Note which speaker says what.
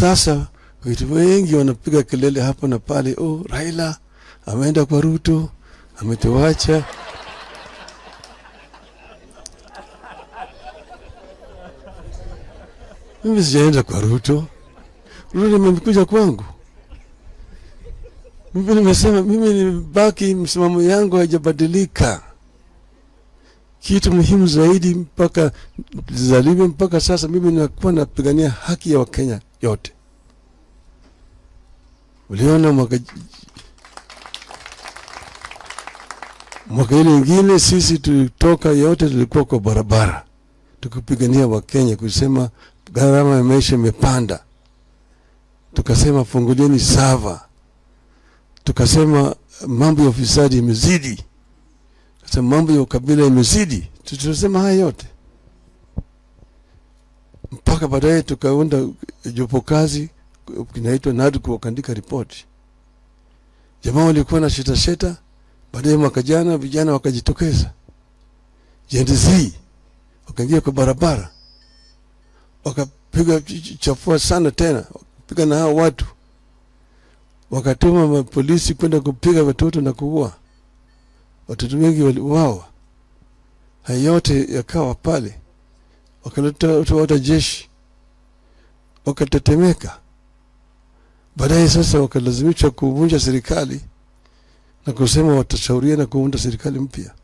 Speaker 1: Sasa watu wengi wanapiga kelele hapa na pale, oh, Raila ameenda kwa Ruto, ametuacha. Mimi sijaenda kwa Ruto, Ruto nimekuja kwangu. Mimi nimesema, mimi nimebaki, msimamo yangu haijabadilika. Kitu muhimu zaidi mpaka zalivyo mpaka sasa, mimi nakuwa napigania haki ya Wakenya yote. Uliona mwaka mwaka ile ingine sisi tulitoka yote, tulikuwa kwa barabara tukipigania Wakenya kusema gharama ya maisha imepanda, tukasema fungulieni sava, tukasema mambo ya ufisadi imezidi, tukasema mambo ya ukabila imezidi. Tulisema haya yote mpaka baadaye tukaunda jopo kazi kinaitwa NADCO wakaandika ripoti. Jamaa walikuwa na sheta sheta, baadaye mwaka jana vijana wakajitokeza Gen Z wakaingia kwa barabara, wakapiga chafua sana tena, wakapiga na hao watu, wakatuma mapolisi kwenda kupiga watoto na kuua watoto. Wengi waliuawa. Haya yote yakawa pale, wakaleta watu wa jeshi wakatetemeka. Baadaye sasa wakalazimishwa kuvunja serikali na kusema watashauriana kuunda serikali mpya.